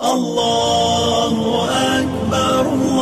الله أكبر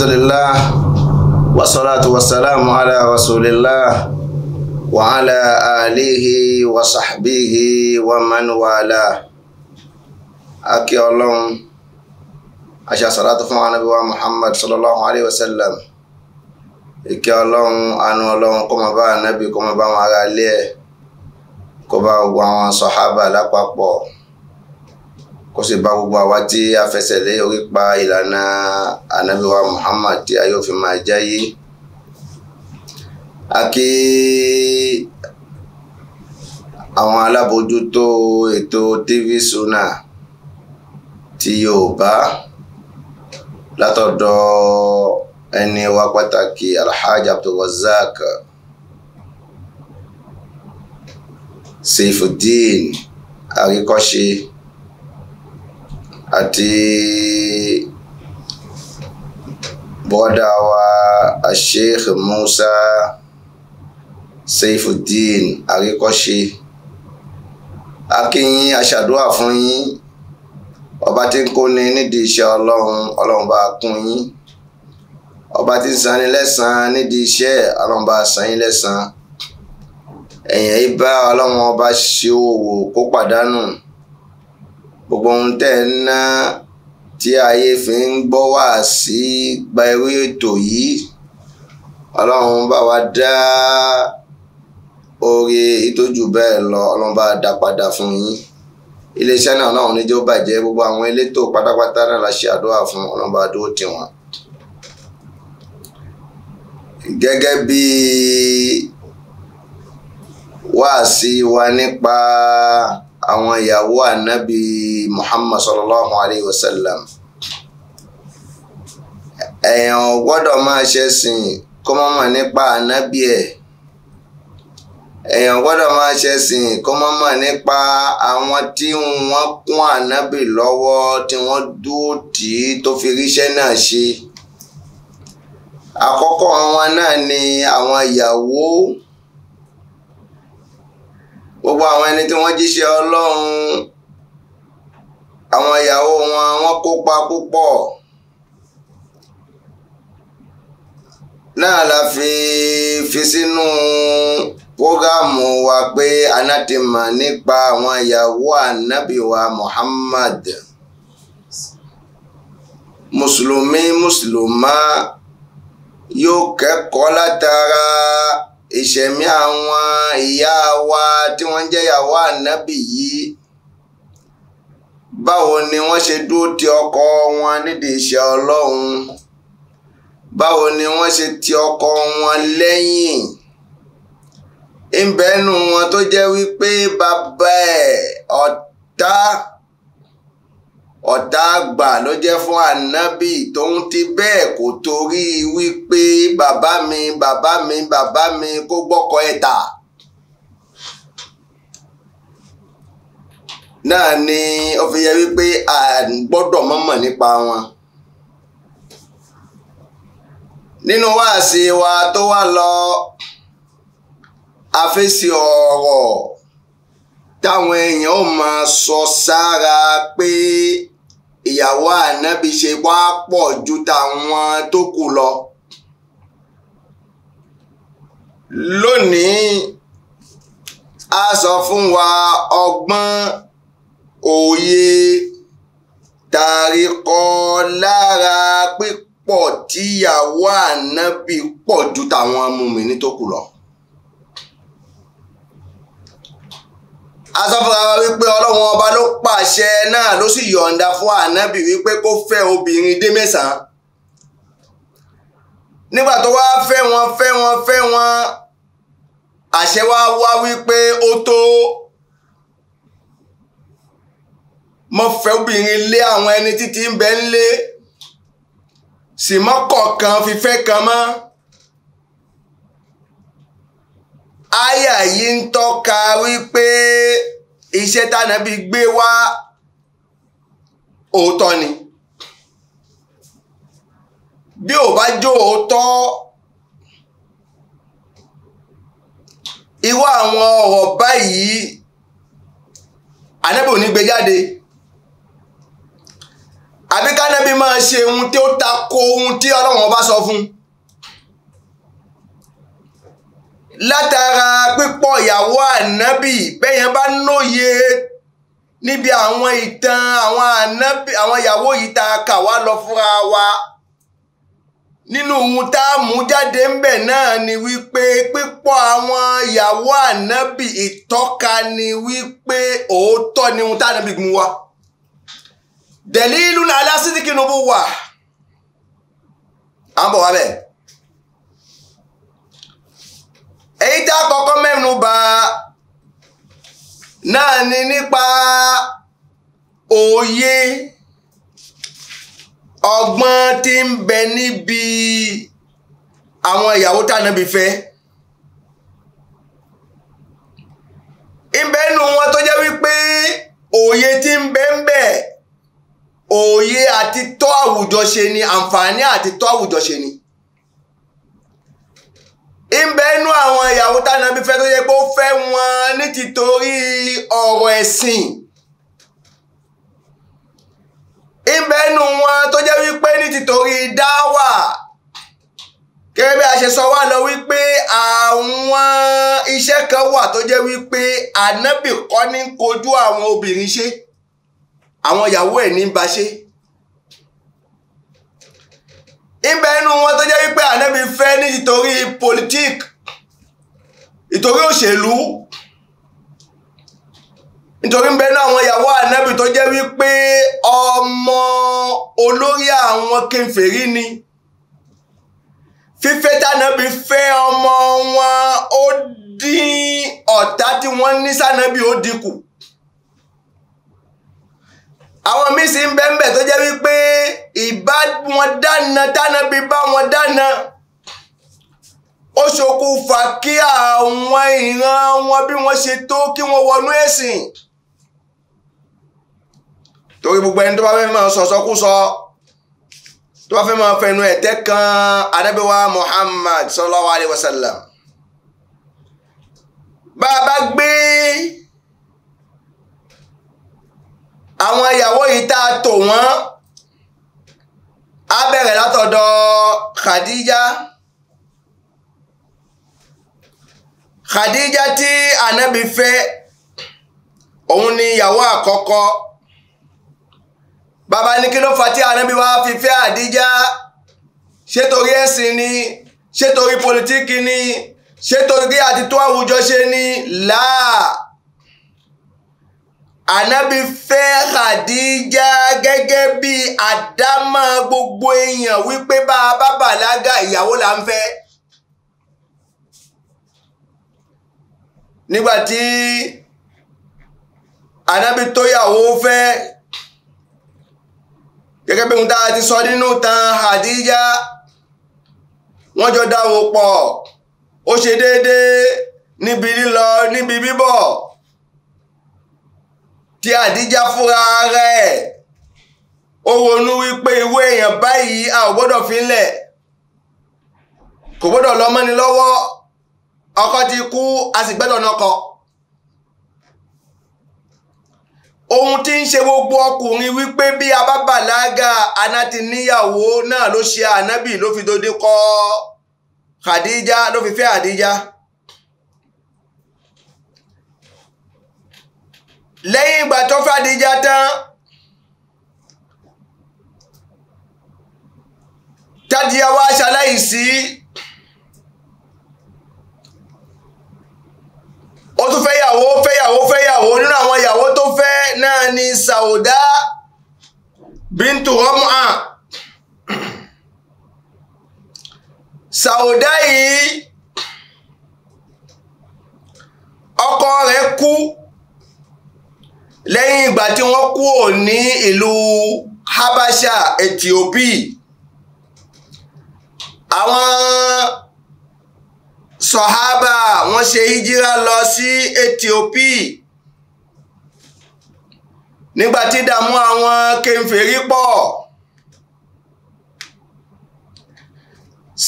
alhamdulillah wasalaatu wasalaamu ala rasulillah wa ala alihi wa sahbihi wa man wala akí ọlọ́run aṣa salatu fún anabi wa muhammad sallallahu alayhi wa sallam ìkẹ́ ọlọ́run àánú ọlọ́run kó máa bá anabi kó máa bá wọn ará ilé ẹ̀ kó gbogbo àwọn sọ̀hábà lápapọ̀ kó sì bá gbogbo àwa tí a fẹsẹ̀ lé orí pa ìlànà ànábì wa Muhammad tí a yóò fi máa jáyé a kí àwọn alábòójútó ètò TV Sunna ti Yorùbá látọ̀dọ̀ ẹni wa pàtàkì Alhaji Abdulrazak Seifuddeen Arikọ́ṣe. Ati bọ́dà wa asheikh musa seifuddin àríkọ́ṣe akínyìn aṣàdúrà fún yín ọba tí ń kóni nídìí iṣẹ́ ọlọ́run ọlọ́run bá kún yín ọba tí ń sanni lẹ́sàn-án nídìí iṣẹ́ ọlọ́run bá san yín lẹ́sàn-án ẹ̀yìn ibà ọlọ́run ọba ṣe òwò kó pàdánù gbogbo ohun tẹ́ ẹ̀ ń ná tí ayé fi ń gbọ́ wá sí gba ewé ètò yìí ọlọ́run bá wa dá oore ìtọ́jú bẹ́ẹ̀ lọ ọlọ́run bá dá padà fún yín iléeṣẹ́ náà náà oníjó bàjẹ́ gbogbo àwọn elétò pátápátá náà la ṣe àdúrà fún ọlọ́run bá dúró tì wọ́n. gẹ́gẹ́ bí wáàsí wa nípa. Pa àwọn ìyàwó ànábì Muhammad sallallahu alayhi wa sallam èèyàn gbọ́dọ̀ máa ṣẹ̀sìn kó má mọ̀ nípa ànábì ẹ̀ èèyàn gbọ́dọ̀ máa ṣẹ̀sìn kó má mọ̀ nípa àwọn tí wọ́n kún ànábì lọ́wọ́ tí wọ́n dúró tì í tó fi ríṣẹ́ náà ṣe àkọ́kọ́ wọn náà ni àwọn ìyàwó gbogbo àwọn ẹni tí wọ́n jíṣẹ́ ọlọ́run àwọn ìyàwó wọn wọ́n kópa púpọ̀ náà la fi fi sínú pógámù wa pé anátìmọ̀ nípa àwọn ìyàwó ànábì wa Muhammad mùsùlùmí mùsùlùmá yóò kẹ́kọ̀ọ́ látara ìṣẹ̀mí àwọn ìyá wa tí wọ́n jẹ́ ìyàwó ànábì yìí báwo ni wọ́n ṣe dúró ti ọkọ wọn nídìí iṣẹ́ ọlọ́run báwo ni wọ́n ṣe ti ọkọ wọn lẹ́yìn ìbẹ́nu wọn tó jẹ́ wípé bàbá ẹ̀ ọ̀tá. ọ̀tá àgbà ló jẹ́ fún ànábì tóun ti bẹ́ẹ̀ kò torí wípé bàbá mi bàbá mi bàbá mi kó gbọ́kọ ẹ̀ tà. náà ni ó fi yẹ wípé à ń gbọ́dọ̀ mọ̀mọ̀ nípa wọn. nínú wáàsí wa tó wá lọ àfẹsí ọ̀rọ̀ táwọn èèyàn ó máa sọ sára pé. ìyàwó ànábi ṣe wá pọ̀ ju tàwọn tó kù lọ. lónìí a sọ fún wa ọgbọ́n òye tàrí kọ lára pípọ̀ tíyàwó ànábi pọ̀ ju tàwọn mùmíní tó kù lọ. asọ́fúnra wípé ọlọ́run ọba ló pàṣẹ náà ló sì yọ̀ǹda fún ànábì wípé kó fẹ́ obìnrin dé mẹ́sàn-án nígbà tó wá fẹ́ wọn fẹ́ wọn fẹ́ wọn àṣẹ wá wá wípé ó tó mo fẹ́ obìnrin lé àwọn ẹni títí ń bẹ ń lé sì mọ́kọ̀ọ̀kan fífẹ́ kan mọ́. Si àyà yìí ń tọ́ka wípé iṣẹ́ tánàbí gbé wá òótọ́ ni bí ò bá jó òótọ́ ìwọ àwọn ọ̀rọ̀ báyìí ànábì ò gbé jáde àbí kánábì máa ṣe ohun tí ó ta ko ohun tí ọlọ́run bá sọ fún un. látara pípọ̀ ìyàwó ànábì bẹ́yẹn bá nóye níbi àwọn ìtàn àwọn ànábì àwọn ìyàwó yìí tá a kà wá lọ fúnra wa nínú ohun tá a mú jáde ńbẹ̀ náà ni wípé pípọ̀ àwọn ìyàwó ànábì ìtọ́ka ni wípé òótọ́ ni ohun tá a nàbì gun wa dẹ̀lí ìlú nàlá sídìkì nùbù wà à ń bọ̀ wá bẹ́ẹ̀. èyí tá a kọ́kọ́ mẹ́nu bà náà ni nípa òye ọgbọ́n tí ń bẹ níbi àwọn ìyàwó tànàbí fẹ́ ìbẹ́nu wọn tó jẹ́ wípé òye tí ń bẹ ń bẹ òye àti tọ́ àwùjọ ṣe ni àǹfààní àti tọ́ àwùjọ ṣe ni ìbẹ́ inú àwọn ìyàwó tánàbí fẹ́ tó yẹ pé ó fẹ́ wọn ní títorí ọ̀rọ̀ ẹ̀sìn ìbẹ́ inú wọn tó jẹ́ wípé ní títorí dáwà gẹ́gẹ́ bí a ṣe sọ wá lọ wípé àwọn iṣẹ́ kan wà tó jẹ́ wípé ànábì ní kojú àwọn obìnrin ṣe àwọn ìyàwó ẹ̀ ní bá ṣe ibẹ̀ inú wọn tó jẹ́ wípé ànábì fẹ́ ní ìtorí politik ìtorí òṣèlú nítorí ń bẹ náà àwọn ìyàwó ànábì tó jẹ́ wípé ọmọ olórí àwọn kèfèrí ni fífẹ́ tànábì fẹ́ ọmọ wọn ó dín ọ̀tá tí wọ́n ní sànábì ó dínkù àwọn míì sì ń bẹ́ńbẹ́ tó jẹ́ wípé ìbá wọn dáná dáná bíi bá wọn dáná ó ṣokùnfà kí àwọn ìran wọn bí wọ́n ṣe tó kí wọ́n wọnú ẹ̀sìn torí gbogbo ẹni tó bá fẹ́ máa sọ̀sọ́kúsọ tó bá fẹ́ máa fẹnu ẹ̀tẹ́ kan anábíwá Muhammad sallallahu alayhi wa sallam bá a bá gbé àwọn ìyàwó yìí tá a tò wọ́n á bẹ̀rẹ̀ látọ̀dọ̀ Khadija Khadija tí Ànábì fẹ́ òun ni ìyàwó àkọ́kọ́ bàbá ní kí ló fà tí Ànábì wá fi fẹ́ Àdíjà ṣé ẹ̀sìn ni ṣé torí pòlítíkì ni ṣé torí àti tó àwùjọ ṣe ni láà ànábì fẹ́ hadija gẹ́gẹ́ bí àdámọ́ gbogbo èèyàn wípé bá a bá bàlágà ìyàwó là ń fẹ́. nígbà tí ànábì tó yàwó fẹ́ gẹ́gẹ́ bí ohun tá a ti sọ nínú tan Khadija wọ́n jọ dáwọ́ pọ̀ ó ṣe déédéé níbi lílọ níbi bíbọ̀ tí Àdíjà fúnra rẹ̀ ó ronú wípé irú èèyàn báyìí a ò gbọ́dọ̀ fi lẹ̀ kò gbọ́dọ̀ lọ mọ́ni lọ́wọ́ ọkọ ti kú a sì gbẹ́dọ̀ nọkọ. ohun tí ń ṣe gbogbo ọkùnrin wípé bí a bá bàlágà aná ti níyàwó náà ló ṣe ànábì ló fi dodi kọ Khadija ló fi fẹ́ Àdíjà. lẹ́yìn ìgbà tó fàdíjà tán tádìyà wá ṣaláìsí ó tún fẹ́yàwó fẹ́yàwó fẹ́yàwó nínú àwọn ìyàwó tó fẹ́ náà ni Sauda bintu Ram'a Sauda yìí ọkọ rẹ̀ kú lẹ́yìn ìgbà tí wọ́n kúrò ní ìlú Habasha Ethiopia àwọn sọ̀hábà wọ́n ṣe hijira lọ sí Ethiopia nígbà tí ìdààmú àwọn kèfèrí pọ̀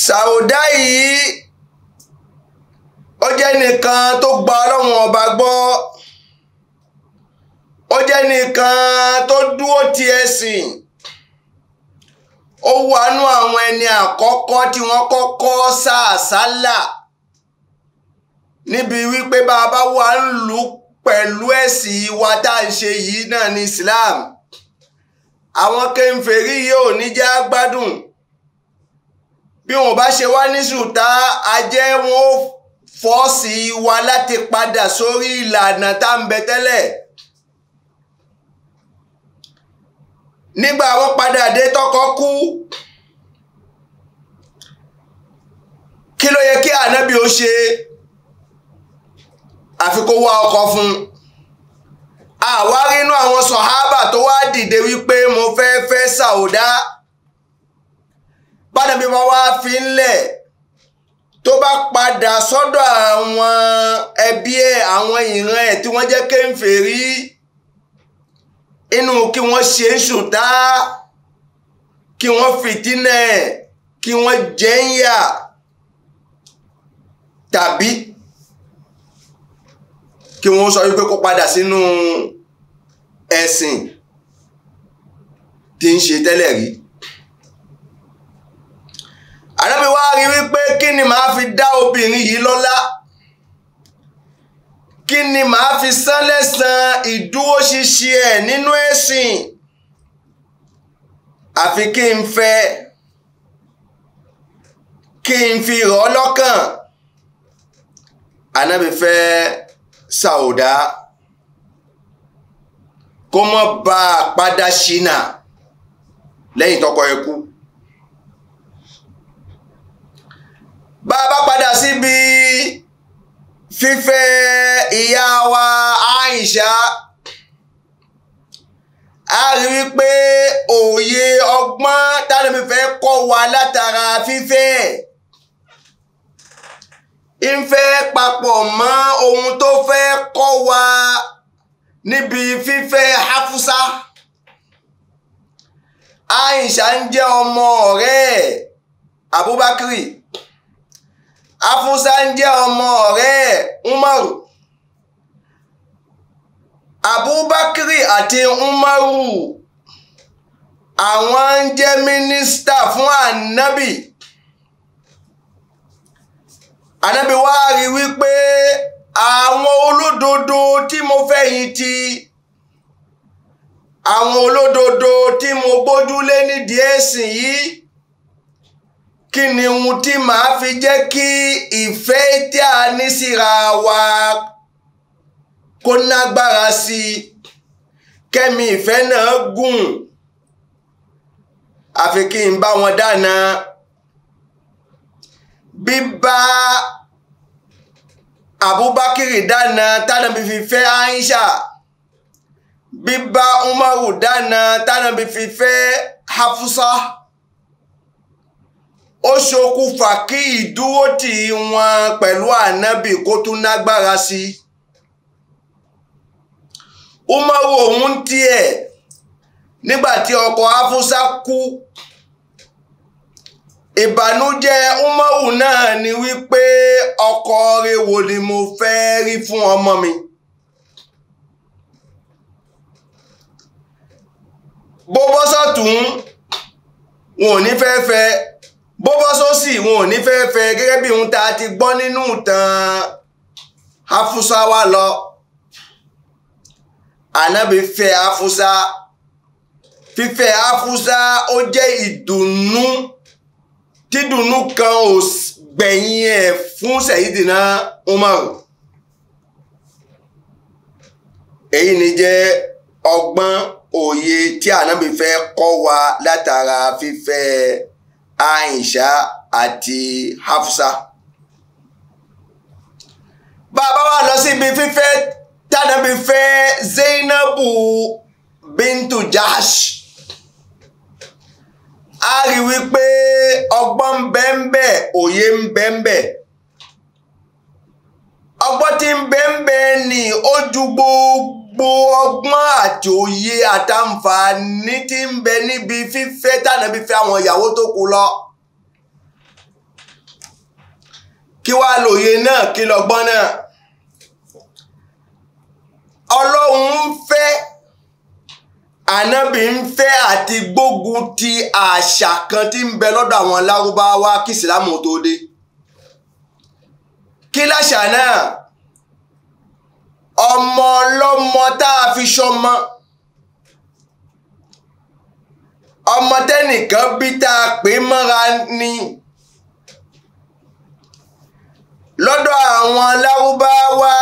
Sàúdà yìí ó jẹ́ nìkan tó gba Ọlọ́run ọba gbọ́ ó jẹ́ nìkan tó dúró ti ẹ̀sìn ó wàánú àwọn ẹni àkọ́kọ́ tí wọ́n kọ́kọ́ sàásálà níbi wípé bàbá wa ń lù pẹ̀lú ẹ̀sìn wa tá à ń ṣe yìí náà ní Islam àwọn kẹfẹ́rí yóò níjà gbádùn bí wọn bá ṣe wá ní sùtá ajẹ́ wọn ó fọ́ọ̀sì wa láti padà sórí ìlànà tá à ń bẹ tẹ́lẹ̀. nígbà wọ́n padà dé tọkọ kú kí ló yẹ kí ànábì ó ṣe àfi kó wá ọkọ fún un àwárí inú àwọn sọ̀hábà tó wá dìde wípé mo fẹ́ fẹ́ Sàúdá bánàbí wọn wá fi ń lẹ̀ tó bá padà sọ́dọ̀ àwọn ẹbí ẹ̀ àwọn ìran ẹ̀ tí wọ́n jẹ́ kéńfèrí inú kí wọ́n ṣe ń ṣùtá kí wọ́n fìtínẹ̀ kí wọ́n jẹ́yà tàbí kí wọ́n sọ wípé kó padà sínú ẹ̀sìn tí ń ṣe tẹ́lẹ̀ rí. Ànábì rí wípé kí ni màá fi dá obìnrin yìí lọ́lá kí ni màá fi san lẹ́san ìdúróṣinṣin ẹ̀ nínú ẹ̀sìn àfi kí n fẹ́ kí n fi rọ̀ ọ́ lọ́kàn ànábì fẹ́ Sauda kó mọ́ bá a padà ṣìnà lẹ́yìn tọkọ ẹ̀ kú. bá a bá padà síbi. Si fífẹ́ ìyá wa Àìṣà a rí wípé òye ọgbọ́n tálẹ́mi fẹ́ kọ́ wa látara fífẹ́ ń fẹ́ papọ̀ mọ́ ohun tó fẹ́ kọ́ wa níbi fífẹ́ hafusa Àìṣà ń jẹ́ ọmọ ọ̀rẹ́ Abubakar afusa ndị ọmọ ọrẹ umaru abubakar àti umaru àwọn ń jẹ́ mínísítà fún anabi anabi. wa rí wípé àwọn olódodo tí mo fẹ̀yìntì àwọn olódodo tí mo gbójúlé nídìí ẹ̀sìn yìí. kí ni ohun tí màá fi jẹ́ kí ìfẹ́ tí a ní síra wa kó nágbára sí i kẹ́mi ìfẹ́ náà gùn àfi kí n bá wọn dáná bíbá Abubakar dáná tánàbí fi Aisha bíbá Umaru dáná tánàbí fi Hafusa ó ṣokùnfà kí ìdúrótì wọn pẹ̀lú ànábì kó tún nágbára sí i. umaru òun tiẹ̀ nígbà tí ọkọ afusa kú ìbànújẹ́ umaru náà ni wípé ọkọ rẹ̀ wo ni mo fẹ́ rí fún ọmọ mi. bó bọ́ sọ́tún wọn ò ní fẹ́ fẹ́ bó bọ́ sósì wọn ò ní fẹ́ fẹ́ gẹ́gẹ́ bí ohun tá a ti gbọ́ nínú ìtàn hafusawa lọ ànábì fẹ́ hafusa fífẹ́ hafusa ó jẹ́ ìdùnnú dídùnnú kan ò gbẹ̀yìn ẹ̀ fún Sayyidina Umaru èyí ni jẹ́ ọgbọ́n òye tí ànábì fẹ́ kọ́ wa látara fífẹ́ hafusa. Aisha àti Hafsa. bàbá wa lọ síbi fífẹ́ tànàbí fẹ́ Zainabu bintu jash, a rí wípé ọgbọ́n bẹ́ẹ̀nbẹ́ òye ń bẹ́ẹ̀nbẹ́ ọgbọ́n tí ń bẹ́ẹ̀nbẹ́ ni ó ju gbogbo gbogbo ọgbọ́n àti òye àtàǹfààní tí ń bẹ níbi fífẹ́ tànàbí fẹ́ àwọn ìyàwó tó kù lọ. kí wàá lòye náà kí lọ́gbọ́n náà. ọlọ́run ń fẹ́ ànábì ń fẹ́ àti gbógun ti àṣà kan tí ń bẹ lọ́dọ̀ àwọn lárúbáwá kí ìsìlámù tó dé. kí láṣà náà ọmọ ọlọ́mọ tá a fi ṣọmọ ọmọ tẹ́nìkan bí tá a pè mọ́ra ni lọ́dọ̀ àwọn lárúbáwá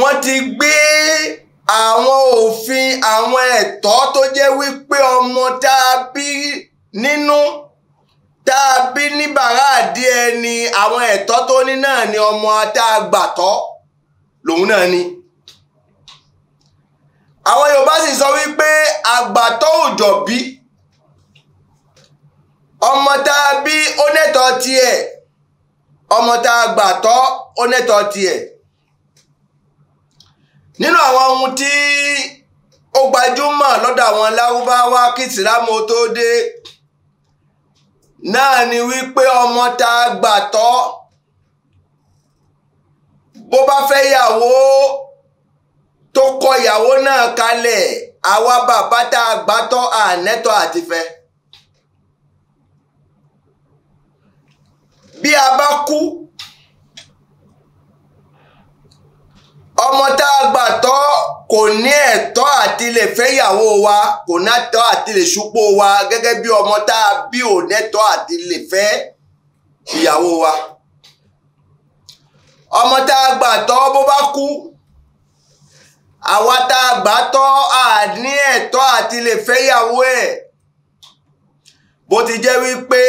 wọ́n ti gbé àwọn òfin àwọn ẹ̀tọ́ tó jẹ́ wípé ọmọ tá a bí nínú tá a bí ní bàrá àdí ẹni àwọn ẹ̀tọ́ tó ní náà ni ọmọ tá a gbàtọ́ lòun náà ni. àwọn Yorùbá sì sọ wípé àgbàtọ́ òjò bí ọmọ tá a bí ó nẹ́tọ̀ tiẹ̀ ọmọ tá a gbà tọ́ ó nẹ́tọ̀ tiẹ̀ nínú àwọn ohun tí ó gbajúmọ̀ lọ́dọ̀ àwọn lárúbáwá kí tó dé náà ni wípé ọmọ tá a gbà bó bá fẹ́ yàwó tó kọ ìyàwó náà kalẹ̀ àwa bàbá tá a gbàtọ́ ànẹ́tọ́ àtifẹ́. bí a bá kú ọmọ tá a gbàtọ́ kò ní ẹ̀tọ́ àti lè fẹ́yàwó wa kò nátọ́ àti lè ṣúpó wa gẹ́gẹ́ bí ọmọ tá a bí ò nẹ́tọ́ àti lè fẹ́ ìyàwó wa ọmọ tá a gbà tọ́ bó bá kú àwa tá a gbà tọ́ àní ẹ̀tọ́ àti lè fẹ́yàwó ẹ̀ bó ti jẹ́ wípé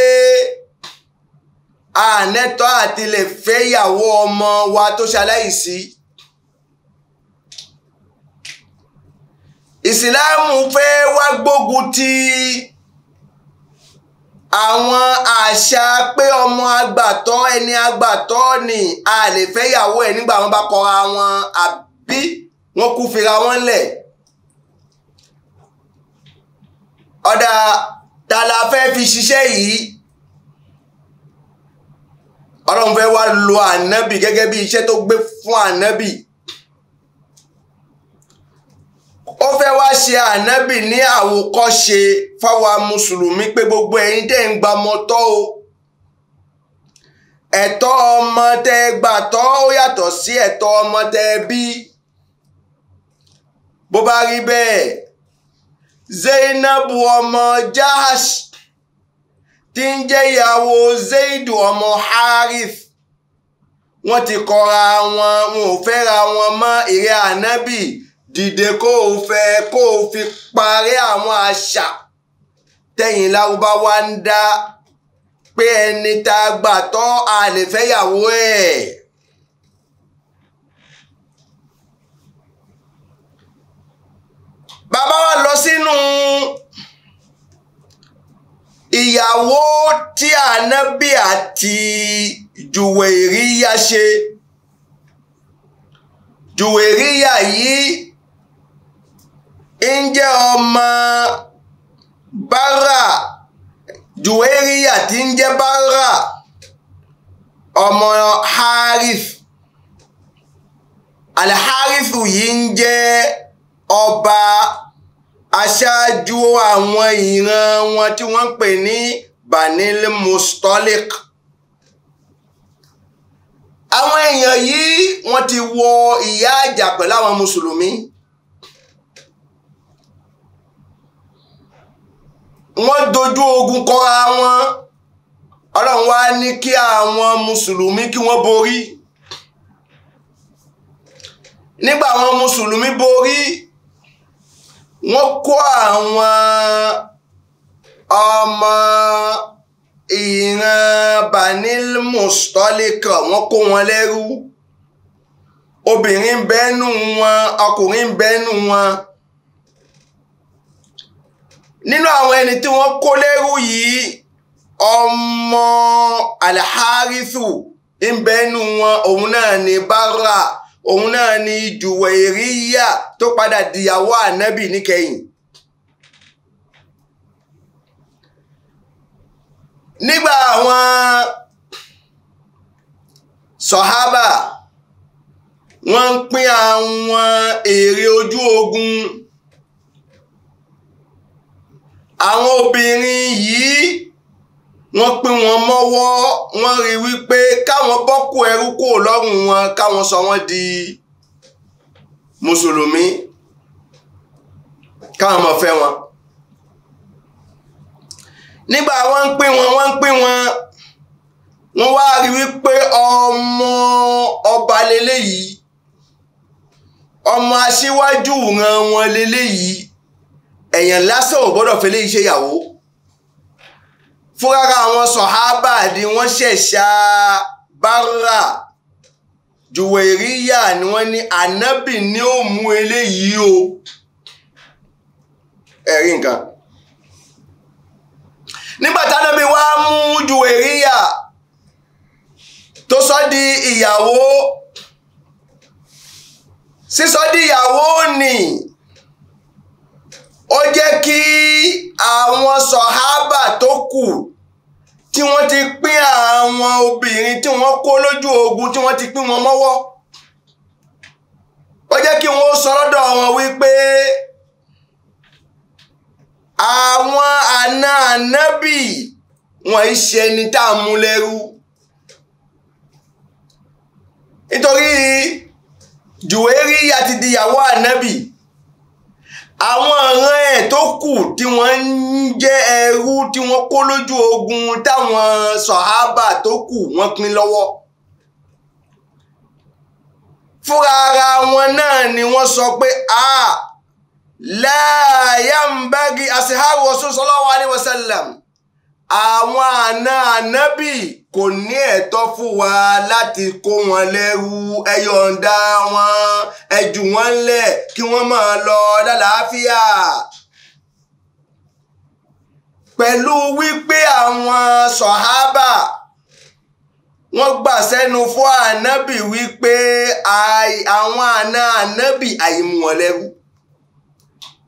ànẹ́tọ́ àti lè fẹ́yàwó ọmọ wa tó ṣaláìsí. ìsìláàmù fẹ́ wá gbógun ti àwọn àṣà pé ọmọ agbàtọ́ ẹni agbàtọ́ ni a lè fẹ́ yàwó ẹ̀ nígbà wọn bá kọra wọn àbí wọn kú fira wọn lẹ̀ ọ̀dà ta la fẹ́ fi ṣiṣẹ́ yìí ọlọ́run fẹ́ wá lo ànábì gẹ́gẹ́ bí iṣẹ́ tó gbé fún ànábì. ó fẹ́ wá ṣe ànábì ní àwòkọ́ṣe fáwa mùsùlùmí pé gbogbo ẹ̀yin tẹ́ ń gba mọ́tọ́ o ẹ̀tọ́ ọmọ tẹ́ gbà tọ́ ó yàtọ̀ sí ẹ̀tọ́ ọmọ tẹ́ bí bó bá rí bẹ́ẹ̀ Zainabu ọmọ Jahash tí ń jẹ́ ìyàwó Zaidu ọmọ Harith wọ́n ti kọra wọn wọn ò fẹ́ra wọn mọ́ ìrẹ́ ànábì dìde kó o fẹ́ kó o fi parí àwọn àṣà tẹ̀yìn lárúbáwá ń dá pé ẹni tá a gbà tọ́ àlefẹ́yàwó ẹ̀. bàbá wa lọ sínú ìyàwó tí ànábì àti jùwèríyà ṣe jùwèríyà yìí ń jẹ́ ọmọ bára juweriya tí ń jẹ́ bára ọmọ harith alharithu yìí ń jẹ́ ọba aṣáájú àwọn ìran wọn tí wọ́n ń pè ní banil mustolik àwọn èèyàn yìí wọ́n ti wọ ìyá àjà pẹ̀lú àwọn mùsùlùmí wọ́n dojú ogun kọra wọn ọlọ́run wá ní kí àwọn mùsùlùmí kí wọ́n borí nígbà àwọn mùsùlùmí borí wọ́n kó àwọn ọmọ ìran Banil Mustolika wọ́n kó wọn lẹ́rú obìnrin bẹ́nu wọn ọkùnrin bẹ́nu wọn nínú àwọn ẹni tí wọ́n kó lẹ́rú yìí ọmọ alharisu ìbẹ́nu wọn òun náà ni bára òun náà ni jùwẹ̀ríyà tó padà dìyàwó ànábì níkẹyìn. nígbà àwọn sọ̀hábà wọ́n ń pín àwọn èrè ojú ogun àwọn obìnrin yìí wọ́n pín wọn mọ́wọ́ wọ́n rí wípé káwọn bọ́kù ẹrú kò lọ́rùn wọn káwọn sọ wọ́n di mùsùlùmí káwọn máa fẹ́ wọn nígbà wọ́n ń pín wọn wọ́n ń pín wọn wọ́n wá rí wípé ọmọ ọba leléyìí ọmọ aṣíwájú ìran wọn leléyìí èèyàn lásán ò gbọ́dọ̀ fẹlẹ iṣẹ́ ìyàwó fúnra àwọn sọhábà ni wọ́n ṣẹṣà bára jùwèríyà ni wọ́n ní ànábì ni ó mú eléyìí o ẹ̀rí nǹkan nígbà tánábì wá mú jùwèríyà tó sọ di ìyàwó sísọ di ìyàwó nìí ó jẹ́ kí àwọn sọ̀hábà tó kù tí wọ́n ti pín àwọn obìnrin tí wọ́n kó lójú ogun tí wọ́n ti pín wọn mọ́wọ́ ó jẹ́ kí wọ́n sọ lọ́dọ̀ wọn wípé àwọn àna ànábì wọn ì ṣe ẹni tá a mú lẹ́rú nítorí jùwérí àti dìyàwó ànábì àwọn ọ̀ràn ẹ̀ tó kù tí wọ́n ń jẹ́ ẹrú tí wọ́n kó lójú ogun táwọn sọ̀hábà tó kù wọ́n pín lọ́wọ́ fúra ara wọn náà ni wọ́n sọ pé a láàyàmbági asiharu rasul sallallahu alaihi wasallam àwọn àna ànábì kò ní ẹ̀tọ́ fún wa láti kó wọn lẹ́rú ẹ yọ̀ǹda wọn ẹ jù wọ́n lẹ̀ kí wọ́n máa lọ lálàáfíà pẹ̀lú wípé àwọn sọ̀hábà wọ́n gbà sẹ́nu fún ànábì wípé àwọn àna ànábì àìmú wọn lẹ́rú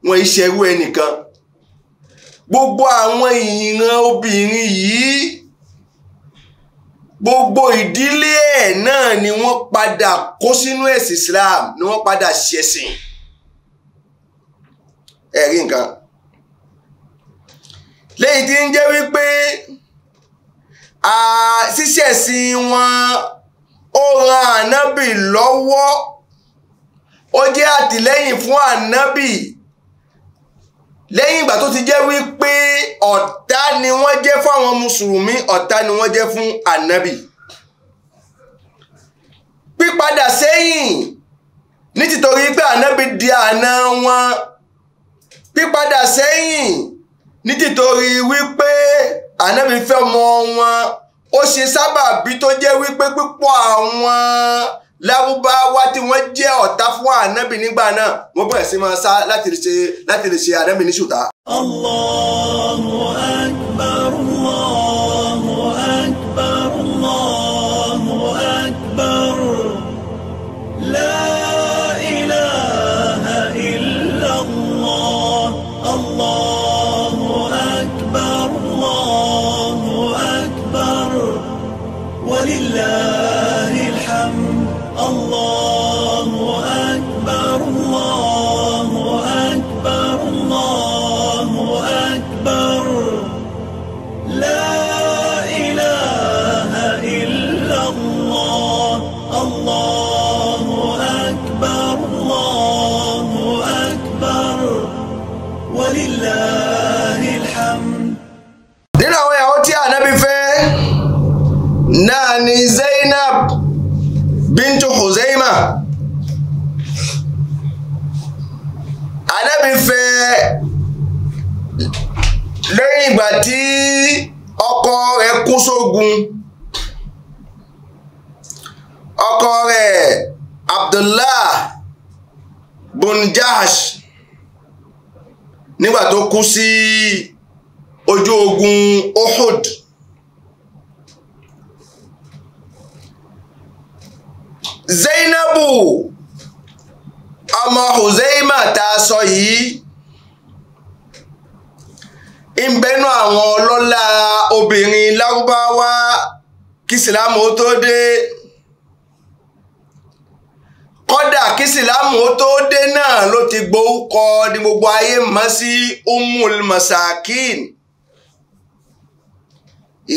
wọn ìṣerú ẹnìkan gbogbo àwọn ìran obìnrin yìí gbogbo ìdílé ẹ̀ náà ni wọ́n padà kó sínú ẹ̀sìn Islam ni wọ́n padà ṣẹ̀sìn ẹ̀rí nǹkan léyìí tí ń jẹ́ wípé ṣíṣẹ̀sìn wọn ó ran ànábì lọ́wọ́ ó jẹ́ àtìlẹ́yìn fún ànábì lẹ́yìn ìgbà tó ti jẹ́ wípé ọ̀tá ni wọ́n jẹ́ fún àwọn mùsùlùmí ọ̀tá ni wọ́n jẹ́ fún ànábì pípadà sẹ́yìn ní tìtorí pé ànábì di àná wọn pípadà sẹ́yìn ní tìtorí wípé ànábì fẹ́ mọ wọn ó ṣe sábàbí tó jẹ́ wípé pípọ̀ àwọn lárúbáwá tí wọ́n jẹ́ ọ̀tá fún ànábì nígbà náà wọ́n bẹ̀rẹ̀ sí máa sá láti lè ṣe ànábì ní ṣùtá. Allah. mi fẹ́ lẹ́yìn ìgbà tí ọkọ rẹ̀ kú sógun ọkọ rẹ̀ Abdullah bun Jahsh nígbà tó kú sí ojú ogun Uhud. Zainabu ọmọ Huzaima tá a sọ yìí ń bẹnu àwọn ọlọ́lá obìnrin lárúbáwá kí ìsìlámù ó tó dé kódà kí ìsìlámù ó tó dé náà ló ti gbórúkọ ní gbogbo ayé mọ́ sí umul masakin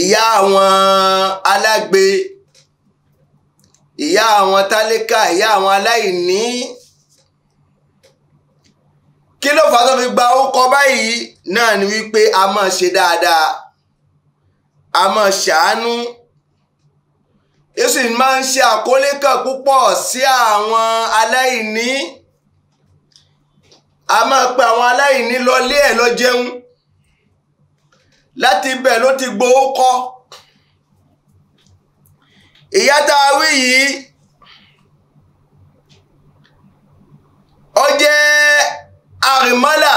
ìyá àwọn alágbe ìyá àwọn tálákà ìyá àwọn aláìní kí ló fà á tó fi gba orúkọ báyìí náà ni wípé a máa ṣe dáadáa a máa ṣàánú ó sì máa ń ṣe àkólé kan púpọ̀ sí àwọn aláìní a máa pe àwọn aláìní lọlé ẹ̀ lọ jẹun láti ibẹ̀ ló ti gbowó kọ́ ìyá tá a wí yìí ó jẹ́ àrìmọ́là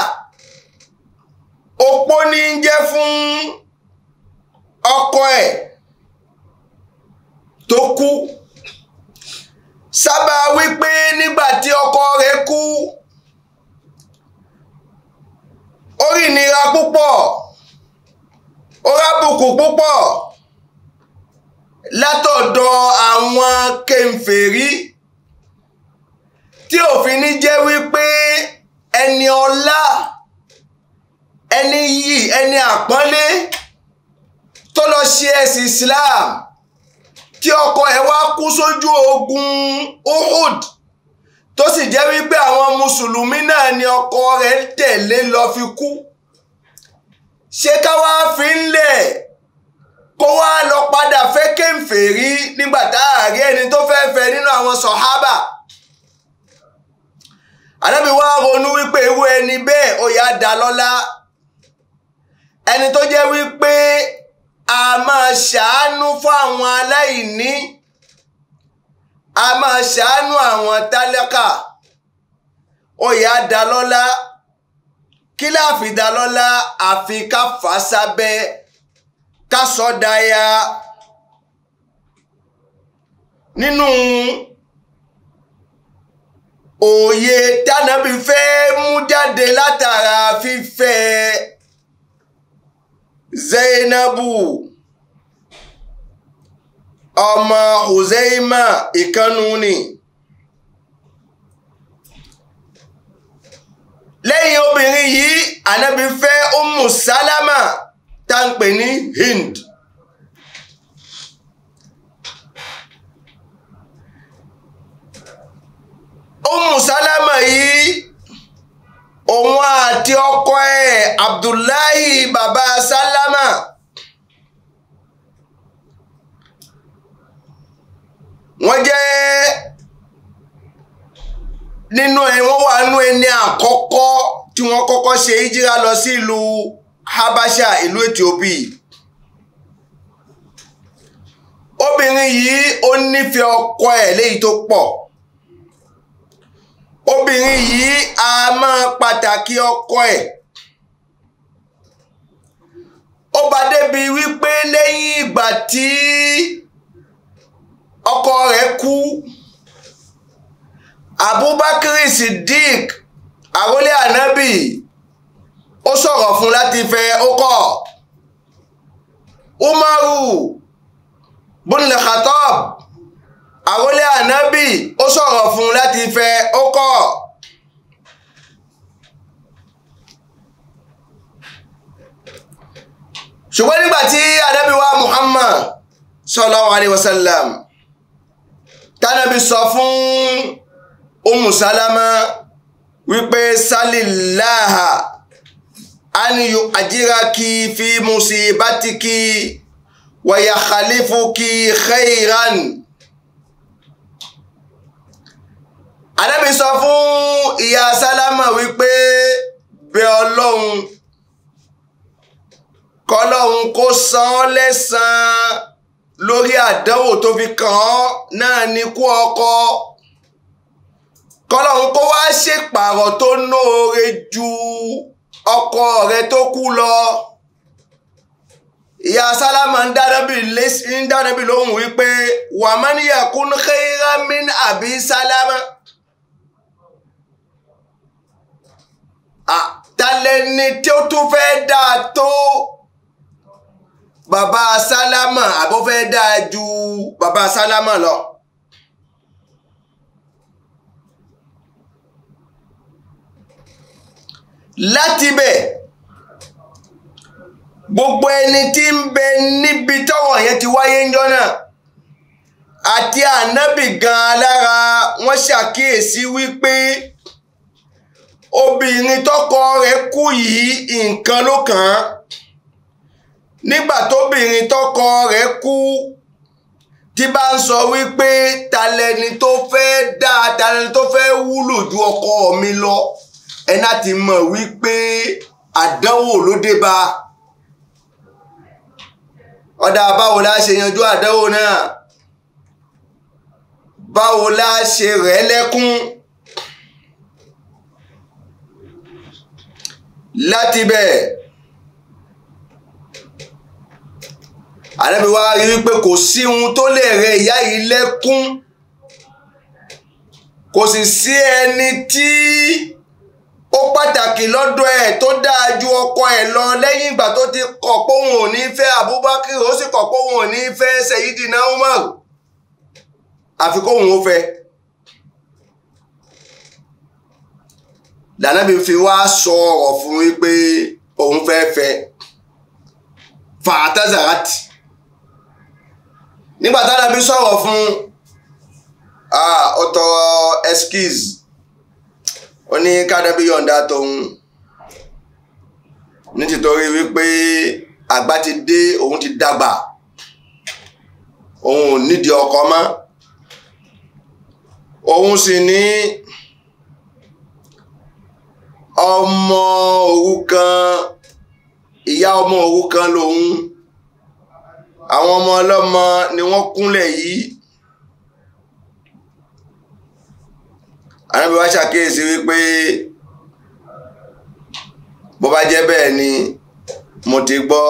opó ní ń jẹ́ fún ọkọ ẹ̀ tó kú sábà wípé nígbà tí ọkọ rẹ̀ kú ó rí ìnira púpọ̀ ó rábùkù púpọ̀ látọ̀dọ̀ àwọn kẹfẹ́rí tí òfin ní jẹ́ wípé ẹni ọlá ẹni yìí ẹni àpọ́nlé tó lọ ṣe ẹ̀sìn Islam tí ọkọ ẹ̀ wá kú sójú ogun Uhud tó sì jẹ́ wípé àwọn mùsùlùmí náà ni ọkọ rẹ̀ tẹ̀lé lọ fi kú ṣé ká wá fi ń lẹ̀ kó wá lọ padà fẹ́ kéǹfèrí nígbà tá a rí ẹni tó fẹ́ fẹ́ nínú àwọn sọ̀hábà. So ànábì wá ronú wípé ewu ẹni bẹ́ẹ̀ ó yá da lọ́lá ẹni tó jẹ́ wípé a máa ṣàánú fún àwọn aláìní a máa ṣàánú àwọn tálákà ó yá da lọ́lá kí láàfin da lọ́lá àfi ká fà á sábẹ́ ká sọ daya nínú. No òye tánàbí fẹ́ mú jáde látara fífẹ́ Zainabu ọmọ Huzaima ìkànnù ni. lẹ́yìn obìnrin yìí ànábì fẹ́ Ummu Salama tá ń pè ní Hind. Ummu Salama yìí òun àti ọkọ ẹ̀ Abdullahi baba Salama wọ́n jẹ́ nínú ẹ̀ wọ́n wà nínú ẹni àkọ́kọ́ tí wọ́n kọ́kọ́ ṣe ìjìra lọ sí ìlú Habasha ìlú Ethiopia obìnrin yìí ó nífẹ̀ẹ́ ọkọ ẹ̀ léyìí tó pọ̀. obìnrin yìí a máa pàtàkì ọkọ ẹ̀ ó bá débi wípé lẹ́yìn ìgbà tí ọkọ rẹ̀ kú Abubakar Siddiq àrólé anabi, ó sọ̀rọ̀ fún láti fẹ́ ó kọ̀ Umaru bunle Khattab àrólé ànábì ó sọ̀rọ̀ fún un láti fẹ́ ó kọ̀. ṣùgbọ́n nígbà tí ànábì wa Muhammad sallallahu alayhi wa sallam tànábì sọ fún Ummu Salama wípé sálíláha aniyu ajíraki fi musibatiki wàyà khalifuki khairan. sọ fún ìyá sálámà wípé bí ọlọ́run kọlọ́run kó san ọ́ lẹ́sàn-án lórí àdánwò tó fi kàn ọ́ náà ní kú ọkọ kọlọ́run kó wá ṣèpàrọ̀ tó nóore ju ọkọ rẹ tó kú lọ ìyá sálámà ń dáná bí lóhùn wípé wàmánìyà kún khayran min àbí sálámà. àtàlẹ́ni tí ó tún fẹ́ dáa tó baba sálámà àbó fẹ́ dáa ju bàbá sálámà lọ. láti bẹ̀ gbogbo ẹni tí ń bẹ níbi tọ́wọ̀ yẹn ti wáyé ń jọ́nà àti ànábì gan-an lára wọ́n ṣàkíyèsí wípé obìnrin tọkọ rẹ̀ kú yìí nǹkan ló kàn án nígbà tóbìnrin tọkọ rẹ̀ kú tí bá ń sọ wípé talẹni tó fẹ́ dáa talẹni tó fẹ́ wúlò ju ọkọ mi lọ ẹná ti mọ̀ wípé àdánwò ló dé bá ọ̀dà báwo la ṣe yanjú àdánwò náà báwo la ṣe rẹ̀ lẹ́kún. láti bẹ́ẹ̀ ànábi wa rí wípé kò sí ohun tó lè rẹ ìyá yìí lẹ́kún kò sì sí ẹni tí ó pàtàkì lọ́dọ̀ ẹ̀ tó dáa ju ọkọ ẹ̀ lọ lẹ́yìn ìgbà tó ti kọ̀ pé òun ò ní fẹ́ Abubakar ó sì kọ̀ pé òun ò ní fẹ́ Sayyidina Umar àfi ó fẹ́ lànàbí fi wá sọ ọ̀rọ̀ fún yín pé òun fẹ́ fẹ́ fàtàzàràtì nígbà tànàbí sọ̀rọ̀ fún ọ̀tọ̀ eskiz. ó ní kádàbí yọ̀ǹda tòun nítorí wípé àgbà ti dé òun ti dàgbà òun ò nídìí ọkọ mọ́ òun sì ní. Si ọmọ òrukàn ìyá ọmọ òrukàn lòun àwọn ọmọ ọlọ́mọ ni wọ́n kúnlẹ̀ yìí anábì wa ṣàkíyèsí wípé bó bá jẹ́ bẹ́ẹ̀ ni mo ti gbọ́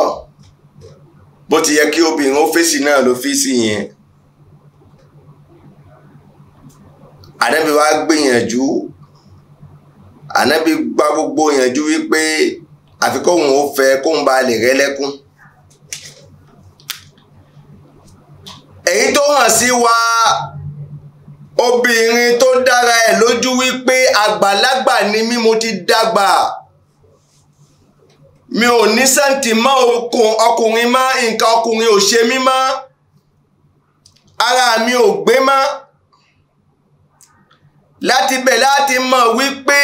bó ti yẹ kí obìnrin ó fèsì náà ló fèsì yẹn anábì gbìyànjú ànábì gba gbogbo yànjú wípé àfi kóun ó fẹ́ kóun bá lè rẹ́ lẹ́kún. èyí tó hàn sí wa obìnrin tó dára ẹ̀ lójú wípé àgbàlagbà ni mí mo ti dàgbà mi ò ní sẹ́ǹtì mọ́ ọkùnrin mọ́ nǹkan ọkùnrin ò ṣe mí mọ́ ara mi ò gbé mọ́ láti bẹ̀ láti mọ̀ wípé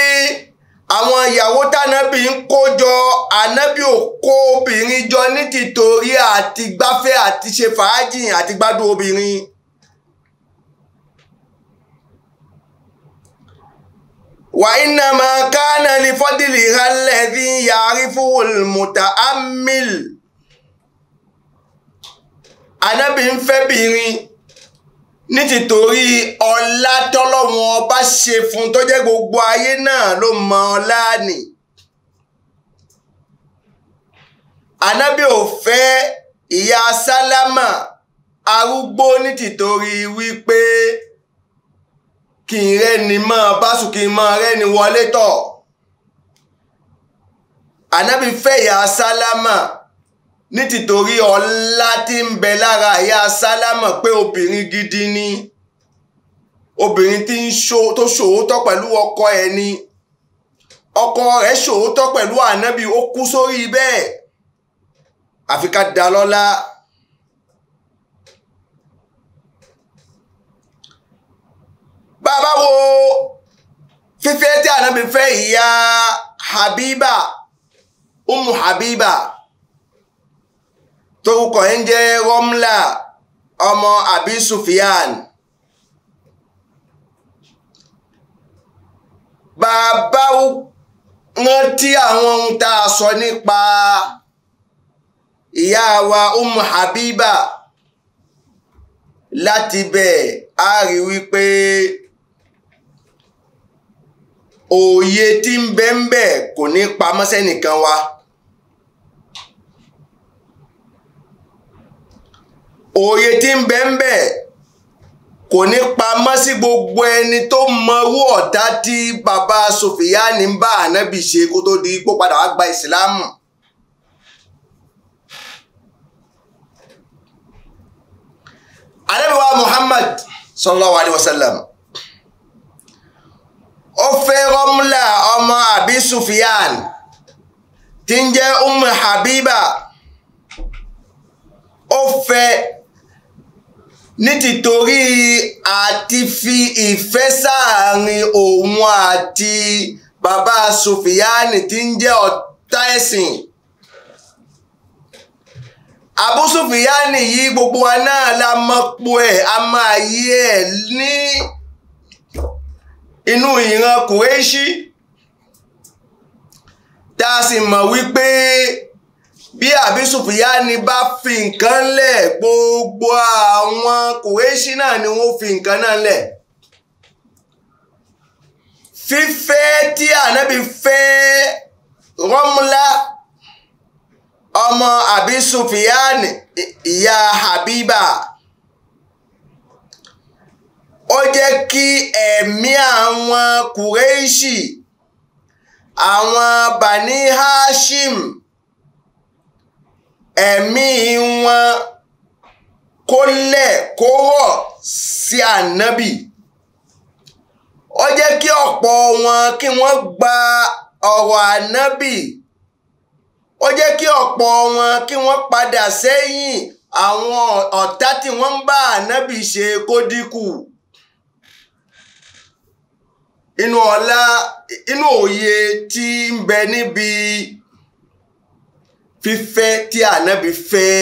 àwọn ìyàwó tànàbí ń kó jọ ànábì ò kó obìnrin jọ ní tìtorí àti gbáfẹ́ àti ṣe fàájì àti gbádùn obìnrin. wàhínàmà kánà ní fọ́dìlì rálẹ̀ ní yàrí fún mùtà amíl ànábì ń fẹ́ bìnrin ní ti torí ọlá tọ́lọ́wọ́n ọba ṣe fún tó jẹ́ gbogbo ayé náà ló mọ ọlá nì. Ànábì ò fẹ́ ìyá sálámà arúgbó ní ti torí wípé kì í rẹ́ni máa básù kì í máa rẹ́ni wọlé tọ̀. Ànábì fẹ́ ìyá sálámà ní tìtorí ọlá tí ń bẹ lára ìyá sálámà pé obìnrin gidi ni obìnrin tí ń tó ṣòótọ́ pẹ̀lú ọkọ ẹ̀ ni ọkọ rẹ̀ ṣòótọ́ pẹ̀lú ànábì ó kú sórí bẹ́ẹ̀ àfi ká dá lọ́lá. bàbá wo fífẹ́ tí ànábì fẹ́ ìyá Habiba Umu Habiba torúkọ ẹ̀ ń jẹ́ Romla ọmọ Abi Sufyan bàbá rántí àwọn ohun tá a sọ nípa ìyá wa Umu Habiba láti bẹ́ẹ̀ a rí wípé òye tí ń bẹ ń bẹ kò ní pamọ́ sẹ́nìkan wa. òye tí ń bẹ ń bẹ kò ní pamọ́ sí gbogbo ẹni tó mọwọ́ ọ̀tá tí bàbá Sofiyani ń bá ànábì ṣe kó tó di pó padà wá gba ìsìlámù. ànábì Muhammad sallallahu alayhi wa sallam ó fẹ́ Ramla ọmọ àbí Sufiyan tí ń jẹ́ Umm Habiba ó fẹ́ ní tìtorí àti fi ìfẹ́ sáàrin òun àti bàbá Sufiyani tí ń jẹ́ ọ̀tá ẹ̀sìn Abu Sufiyani yìí gbogbo wa náà la mọ̀ po ẹ̀ a máa yí ẹ̀ ní inú ìran Kùrẹ́ṣì tá a sì mọ̀ wípé bí àbí sùfìyáni bá fi nǹkan lẹ̀ gbogbo àwọn kòwéṣí náà ni wọ́n fi nǹkan náà lẹ̀ fífẹ́ tí ànábì fẹ́ rọ́múlá ọmọ àbí sùfìyáni ìyá habiba ó jẹ́ kí ẹ̀mí àwọn kùrẹ́ṣì àwọn bani hashim. ẹ̀mí wọn kó lẹ̀ kó rọ̀ sí ànábì ó jẹ́ kí ọ̀pọ̀ wọn kí wọ́n gba ọ̀rọ̀ ànábì ó jẹ́ kí ọ̀pọ̀ wọn kí wọ́n padà sẹ́yìn àwọn ọ̀tá tí wọ́n ń bá ànábì ṣe kó dínkù inú ọlá inú òye tí ń bẹ níbi. fífẹ́ tí ànábì fẹ́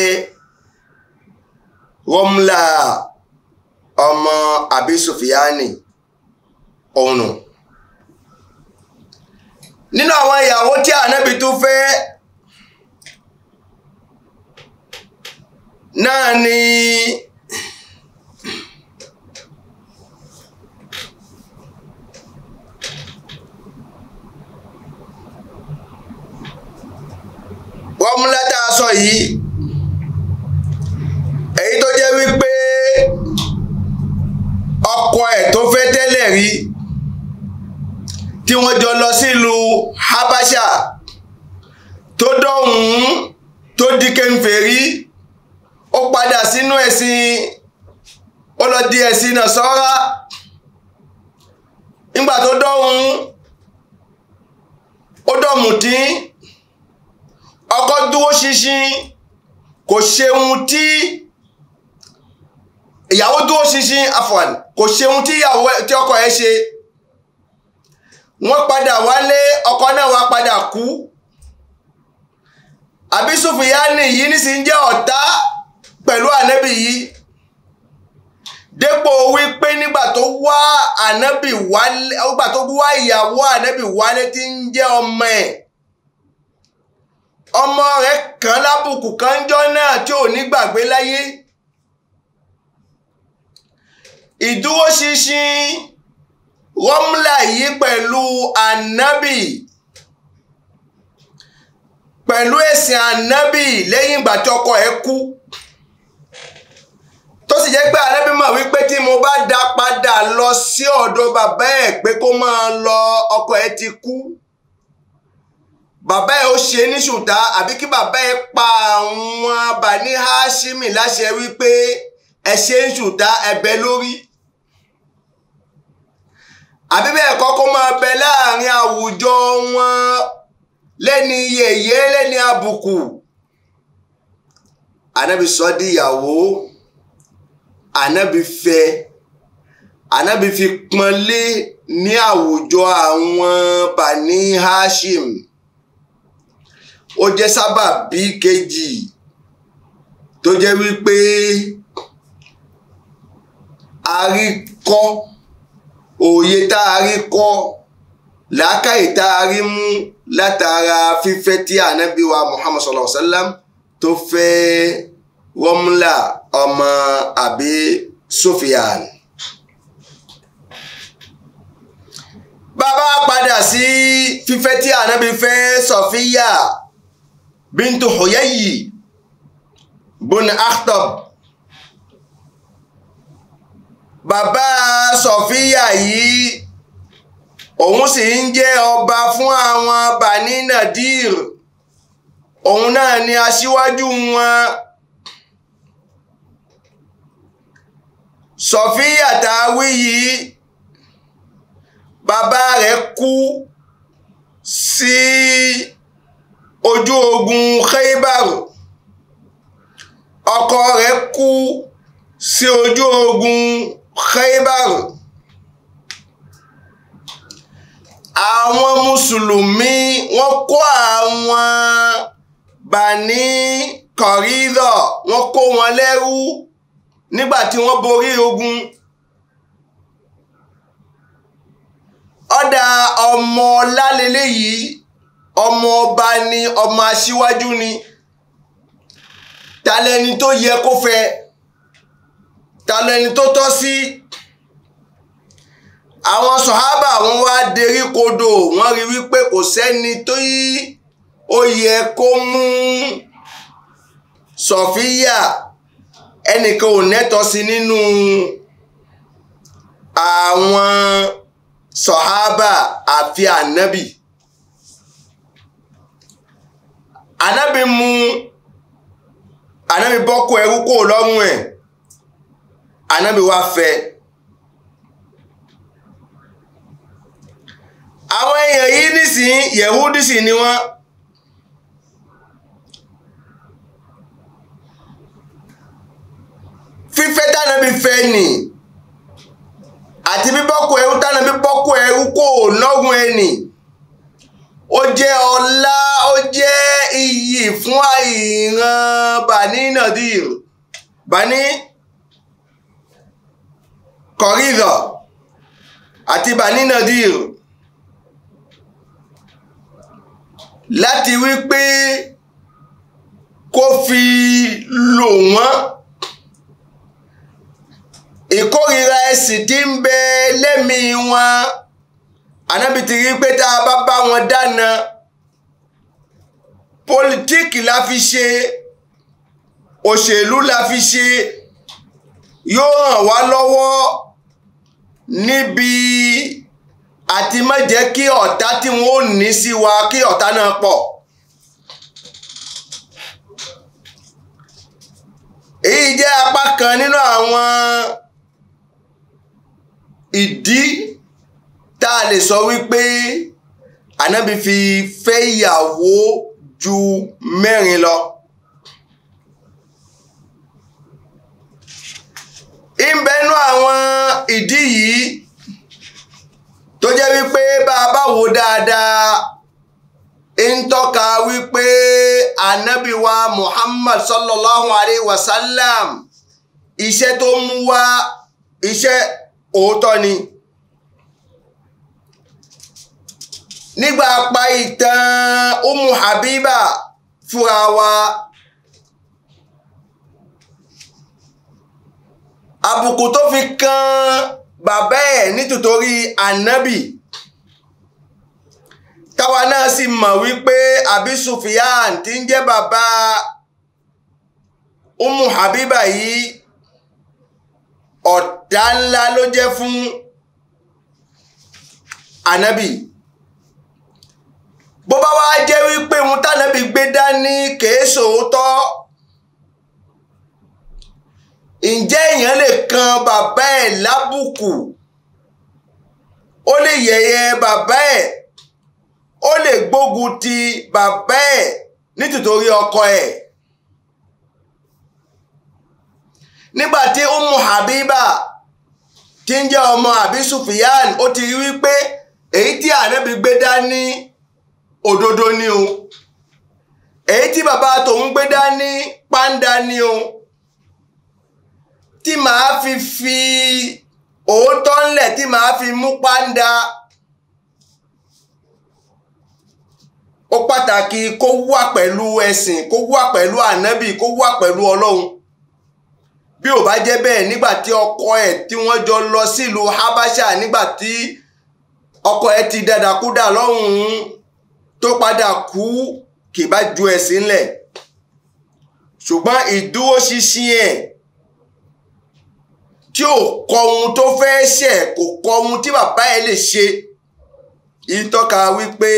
rọ́mùlà ọmọ àbí sùfìyàní ọ̀nà nínú àwọn ìyàwó tí ànábì tún fẹ́ náà ni. Nani, wọ́múlá tá a sọ yìí èyí tó jẹ́ wípé ọkọ ẹ̀ tó fẹ́ tẹ́lẹ̀ rí tí wọ́n jọ lọ sílùú Habasha tó dọ̀hún tó di kèfèrí ó padà sínú ẹ̀sìn ó lọ di ẹ̀sìn Nasara nígbà tó dọ̀hún ó dọ̀mùtín dúró ṣinṣin kò ṣe ohun tí ìyàwó dúró ṣinṣin afọ̀n kò ṣe ohun tí ìyàwó tí ọkọ ẹ̀ ṣe wọ́n padà wálé ọkọ náà wá padà kú àbí Sùfìyánì yìí nísìnyí jẹ́ ọ̀tá pẹ̀lú ànábì yìí dépò wípé nígbà tó wá ànábì wálé nígbà tó wá ìyàwó ànábì wálé tí ń jẹ́ ọmọ ẹ̀ ọmọ rẹ̀ kan lábùkù kan jọ́ náà tí ò ní gbàgbé láyé ìdúróṣinṣin rọ́mùlà yìí pẹ̀lú ànábì pẹ̀lú ẹ̀sìn ànábì lẹ́yìn ìgbà tí ọkọ ẹ̀ kú tó sì jẹ́ pé ànábì mọ̀ wípé tí mo bá dá padà lọ sí ọ̀dọ̀ bàbá ẹ̀ pé kó máa lọ ọkọ ẹ̀ ti kú bàbá ẹ ó ṣe ní ṣùtá àbí kí bàbá ẹ pa àwọn Bani Hashimi láṣẹ wípé ẹ ṣe ń ṣùtá ẹbẹ lórí àbí bẹ́ẹ̀ kọ́ kó máa bẹ láàrin àwùjọ wọn lẹ́ni yèyé lẹ́ni àbùkù ànábi sọ di ìyàwó ànábi fẹ́ ànábi fi pọ́nlé ní àwùjọ àwọn Bani Hashim ó jẹ́ sábàbí kejì tó jẹ́ wípé a rí kọ́ òye tá a rí kọ́ làákàyè tá a rí mú látara fífẹ́ tí ànábì wa Muhammad sallallahu alaihi wa sallam tó fẹ́ Ramla ọmọ àbí Sufyan. bàbá padà sí fífẹ́ tí ànábì fẹ́ Sọ̀fíyà. So بنت حيي بن أخطب bàbá sọfíà yìí òun sì ń jẹ́ ọba fún àwọn bani nadir òun náà ni aṣíwájú wọn sọfíà tá a wí yìí bàbá rẹ̀ kú sí. Si ojú ogun Khaybar ọkọ rẹ̀ kú sí ojú ogun Khaybar àwọn mùsùlùmí wọ́n kó àwọn Bani Qariza wọ́n kó wọn lẹ́rú nígbà tí wọ́n borí ogun. ọ̀dà ọmọ ọlá lélẹ́yìí ọmọ ọba ni ọmọ aṣíwájú ni ta lẹni tó yẹ kó fẹ́ ta lẹni tó tọ́ sí àwọn sọ̀hábà wọn wá derí kodò wọ́n rí wípé kò sẹ́ni tó yí ó yẹ kó mú sọ̀fíyà ẹnìkan ò nẹ́tọ́ sí nínú àwọn sọ̀hábà àfi ànábì. anábì mú anábì bọ́kọ ẹrú kó lọ́rùn ẹ̀ anábì wá fẹ́ àwọn èèyàn yìí nísìnyí yẹ̀húdì sì ni wọ́n. fífẹ́ tànàbí fẹ́ nì àti bíbọ́kọ ẹrú tànàbí bọ́kọ ẹrú kó lọ́rùn ẹ̀ nì ó jẹ́ ọlá ó jẹ́ iyì fún ìran Bani Nadir Bani Qurayza àti Bani Nadir láti wípé kó fi lò wọ́n ìkórira ẹ̀sìn tí ń bẹ lẹ́mìí wọn ànábì ti rí pé tá a bá bá wọn dáná pólítíìkì la fi ṣe òṣèlú la fi ṣe yóò hàn wá lọ́wọ́ níbi àti má jẹ́ kí ọ̀tá tí wọ́n ò ní sí wa kí ọ̀tá náà pọ̀. èyí jẹ́ apá kan nínú àwọn ìdí tá a lè sọ wípé ànábì fi fẹ́ ìyàwó ju mẹ́rin lọ. ìbẹ́nu àwọn ìdí yìí tó jẹ́ wípé bá a bá wò dáadáa ń tọ́ka wípé ànábì wa Muhammad sallallahu alayhi wa sallam iṣẹ́ tó mú wá iṣẹ́ òótọ́ ni. nígbà apá ìtàn umu habiba fúra wa àbùkù tó fi kan bàbá ẹ̀ nítorí ànábì táwa náà sì mọ̀ wípé àbí Sufyan tí ń jẹ́ bàbá umu habiba yìí ọ̀tá ńlá ló jẹ́ fún ànábì bó bá wá jẹ́ wípé ohun tánàbí gbé dání kèé sòótọ́ ǹjẹ́ èèyàn lè kan bàbá ẹ̀ lábùkù ó lè yẹ̀yẹ́ bàbá ẹ̀ ó lè gbógun ti bàbá ẹ̀ nítorí ọkọ ẹ̀ nígbà tí Umu Habiba tí ń jẹ́ ọmọ Abi Sufyan ó ti rí wípé èyí tí Ànábì gbé dání òdodo ni o èyí tí bàbá tòun gbé dání pàǹdà ni o tí màá fi fi òótọ́ ńlẹ̀ tí màá fi mú pàǹdà ó pàtàkì kó wà pẹ̀lú ẹ̀sìn kó wà pẹ̀lú ànábì kó wà pẹ̀lú ọlọ́run bí ò bá jẹ́ bẹ́ẹ̀ nígbà tí ọkọ ẹ̀ tí wọ́n jọ lọ sílùú habasha nígbà tí ọkọ ẹ̀ ti dàdàkúdà lọ́hùn-ún tó padà kú kì bá ju ẹ̀sìn lẹ̀ ṣùgbọ́n ìdúróṣinṣin ẹ̀ tí ò kọ ohun tó fẹ́ ṣe kò kọ ohun tí bàbá ẹ̀ lè ṣe yìí wípé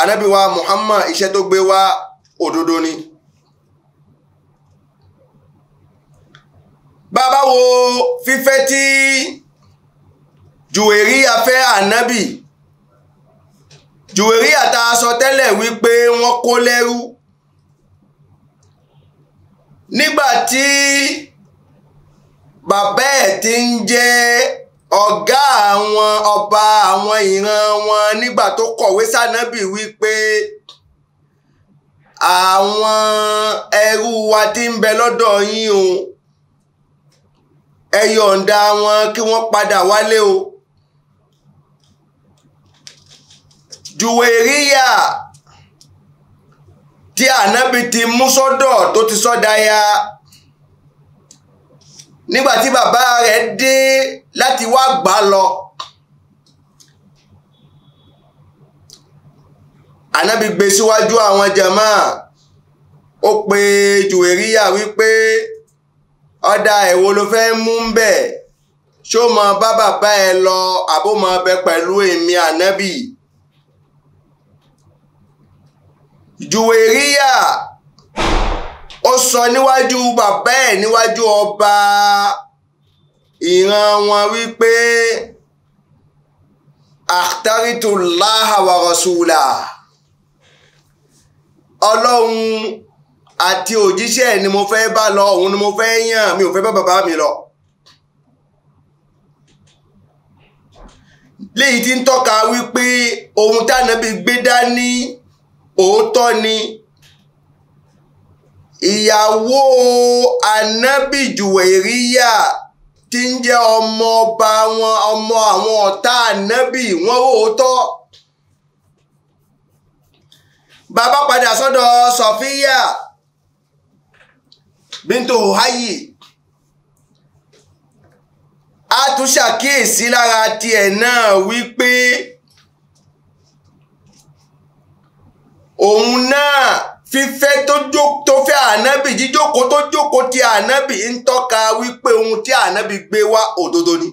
ànábì Muhammad iṣẹ́ tó gbé wá òdodo ni. bàbá wo fífẹ́ tí jùwèrí afẹ́ ànábì jùwèrí àta sọ tẹ́lẹ̀ wípé wọ́n kó lẹ́rú nígbà tí bàbá ẹ̀ ti ń jẹ́ ọ̀gá àwọn ọba àwọn ìran wọn nígbà tó kọ̀wé sànábì wípé àwọn ẹrú wa ti ń bẹ lọ́dọ̀ yín o ẹ yọ̀ǹda wọn kí wọ́n padà wálé o. juwèríyà tí ànábì ti mú sọ́dọ̀ tó ti sọ́dá ya nígbà tí bàbá rẹ̀ dé láti wá gbà lọ ànábì gbé síwájú àwọn jàmá ó pe juwèríyà wípé ọ̀dà èwo ló fẹ́ mú ń bẹ̀ ṣó mọ bá bàbá ẹ lọ àbó mọ bẹ pẹ̀lú èmi ànábì. Juweria ó sọ níwájú bàbá ẹ̀ níwájú ọba ìran wọn wípé akhtaritu Allaha wa rasula ọlọ́run àti òjíṣẹ́ ni mo fẹ́ bá lọ òun ni mo fẹ́ yàn mi ò fẹ́ bá bàbá mi lọ. léyìí tí ń tọ́ka wípé ohun tánábì gbé dání òótọ́ ni ìyàwó Ànábì Juwairiya tí ń jẹ́ ọmọ ọba wọn ọmọ àwọn ọ̀tá Ànábì wọn òótọ́ bàbá padà sọ́dọ̀ Sọ̀fíyà bíntu Huhayi a tún ṣàkíyèsí lára tiẹ̀ náà wípé. òun náà fífẹ́ tó fẹ́ ànábì jíjókòó tó jókòó ti ànábì ń tọ́ka wípé ohun tí ànábì gbé wá òdodo ni.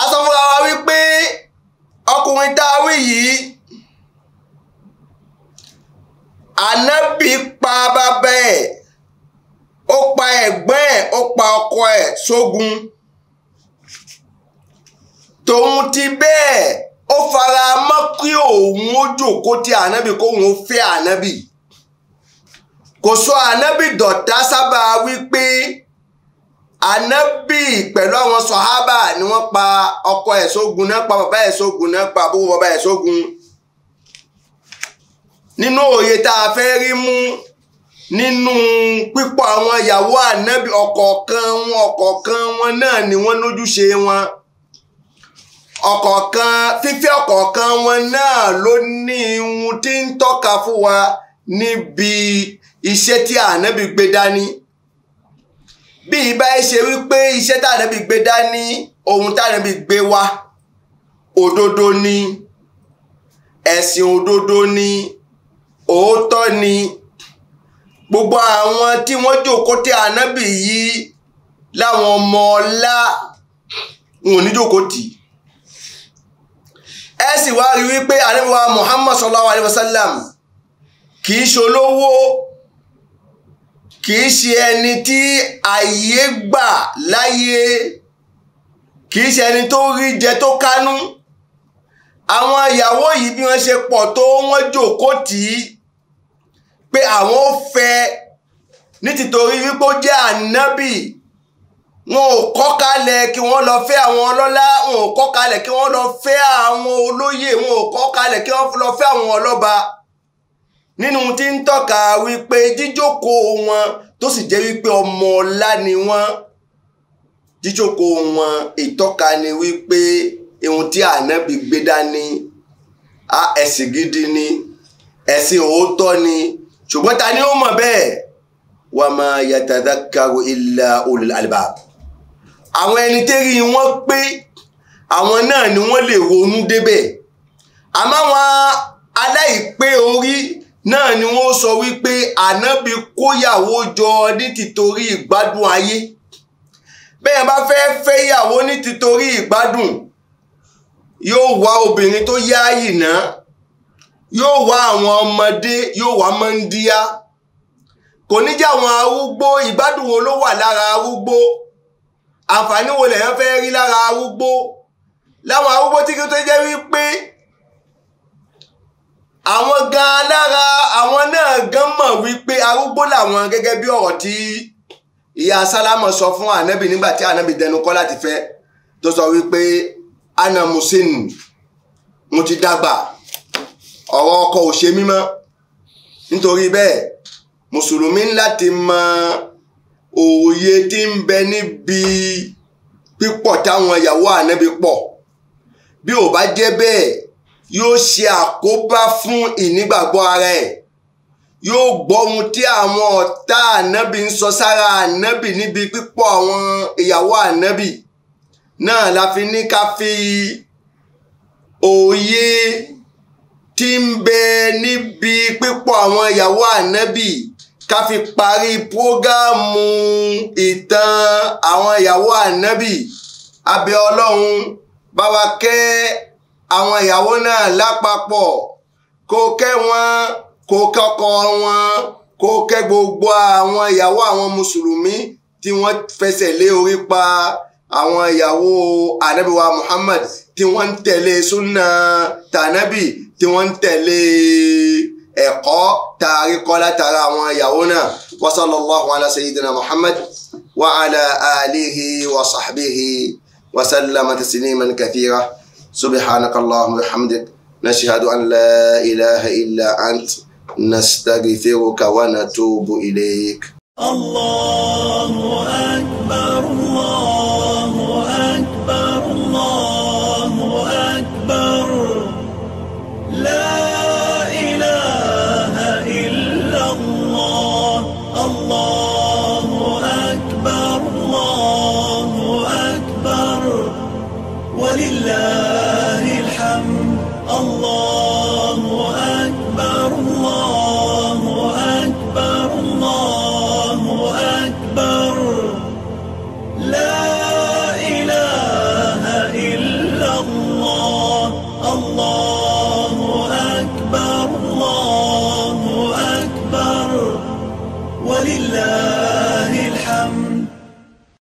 a sọ fúnra wa wípé ọkùnrin tá a wí yìí ànábì pa bàbá ẹ̀ ó pa ẹ̀gbọ́n ẹ̀ ó pa ọkọ ẹ̀ sógun tòun ti bẹ́ẹ̀. ó fara mọ́ kí òun ó jòkó ti ànábì kóun ó fẹ́ ànábì kò sọ ànábì dọ̀tá sábà wípé ànábì pẹ̀lú àwọn sọ̀hábà ni wọ́n pa ọkọ ẹ̀ sógun náà pa bàbá ẹ̀ sógun náà pa àbúrò bàbá ẹ̀ sógun nínú òye tá a fẹ́ rí mú nínú pípọ̀ àwọn ìyàwó ànábì ọ̀kọ̀ọ̀kan wọn ọ̀kọ̀ọ̀kan wọn náà ni wọ́n lójúṣe wọn. No ọ̀kọ̀ọ̀kan fífẹ́ ọ̀kọ̀ọ̀kan wọn náà ló ní ihun tí ń tọ́ka fún wa níbi iṣẹ́ tí ànábì gbé dání bí ibà ẹ ṣe wípé iṣẹ́ tí ànábì gbé dání ohun tí ànábì gbé wá òdodo ni ẹ̀sìn òdodo ni òótọ́ ni gbogbo àwọn tí wọ́n jókòó tí ànábì yìí láwọn ọmọ ọlá wọn ò ní jókòó tì í ẹ sì wá rí wípé ànábìwá Muhammad sallallahu alayhi wa sallam kì í ṣolówó kì í ṣe ẹni tí ayé gbà láyé kì í ṣe ẹni tó rí jẹ tó kánú àwọn ìyàwó yìí bí wọ́n ṣe pọ̀ tó wọ́n jókòó tì í pé àwọn ò fẹ́ ní tìtorí wípé ó jẹ́ ànábì wọn ò kọ́ kalẹ̀ kí wọ́n lọ fẹ́ àwọn ọlọ́lá wọn ò kọ́ kalẹ̀ kí wọ́n lọ fẹ́ àwọn olóyè wọn ò kọ́ kalẹ̀ kí wọ́n lọ fẹ́ àwọn ọlọ́ba nínú tí ń tọ́ka wípé jíjókòó wọn tó sì jẹ́ wípé ọmọ ọlá ni wọ́n jíjókòó wọn ìtọ́ka ni wípé ohun tí ànábì gbé dání ẹ̀sìn gidi ni ẹ̀sìn òótọ́ ni ṣùgbọ́n ta ni ó mọ̀ bẹ́ẹ̀ wàá máa yàtàdá karo illa ulul albab àwọn ẹni tẹ́rí wọn pé àwọn náà ni wọ́n lè ronú débẹ̀ àmọ́ àwọn aláìpé orí náà ni wọ́n sọ wípé ànábì kóyàwó jọ ní tìtorí ìgbádùn ayé bẹ́ẹ̀ bá fẹ́ fẹ́yàwó ní tìtorí ìgbádùn yóò wá obìnrin tó yáàyì náà yóò wá àwọn ọmọdé yóò wá mọ́ndíá kò ní jẹ́ àwọn arúgbó ìgbádùn wo ló wà lára arúgbó àǹfààní wo lèèyàn fẹ́ rí lára arúgbó láwọn arúgbó tí kí tó jẹ́ wípé àwọn gan lára àwọn náà gan mọ̀ wípé arúgbó làwọn gẹ́gẹ́ bí ọ̀rọ̀ tí ìyá sálámọ̀ sọ fún ànábì nígbà tí ànábì dẹnu kọ́ láti fẹ́ tó sọ wípé ana musin mo ti dàgbà ọ̀rọ̀ ọkọ ò ṣe mímọ́ nítorí bẹ́ẹ̀ mùsùlùmí láti mọ. Ma òye tí ń bẹ níbi pípọ̀ táwọn ìyàwó ànábi pọ̀ bí ò bá jẹ́ bẹ́ẹ̀ yóò ṣe àkóbá fún ìnígbàgbọ́ ara ẹ̀ yóò gbọ́ ohun tí àwọn ọ̀tá ànábì ń sọ sára ànábì níbi pípọ̀ àwọn ìyàwó ànábì náà la fi ní ká fi òye tí ń bẹ níbi pípọ̀ àwọn ìyàwó ànábì ká fi parí prógámù ìtàn àwọn ìyàwó ànábì abẹ ọlọ́run bá wa kẹ́ àwọn ìyàwó náà lápapọ̀ kó kẹ́ wọn kó kọ́kọ́ wọn kó kẹ́ gbogbo àwọn ìyàwó àwọn mùsùlùmí tí wọ́n fẹsẹ̀ lé orí pa àwọn ìyàwó ànábì wa Muhammad tí wọ́n ń tẹ̀lé sunna tànábì tí wọ́n ń tẹ̀lé e ẹ̀kọ́ taari kọ́ látara àwọn ìyàwó náà wa sallallahu ala sayyidina muhammad wa ala alihi wa sahbihi wa sallama tasliman kathira subhanakallahumma wa hamdik nashhadu an la ilaha illa ant nastaghfiruka wa natubu ilayk. Allahu akbar Allah.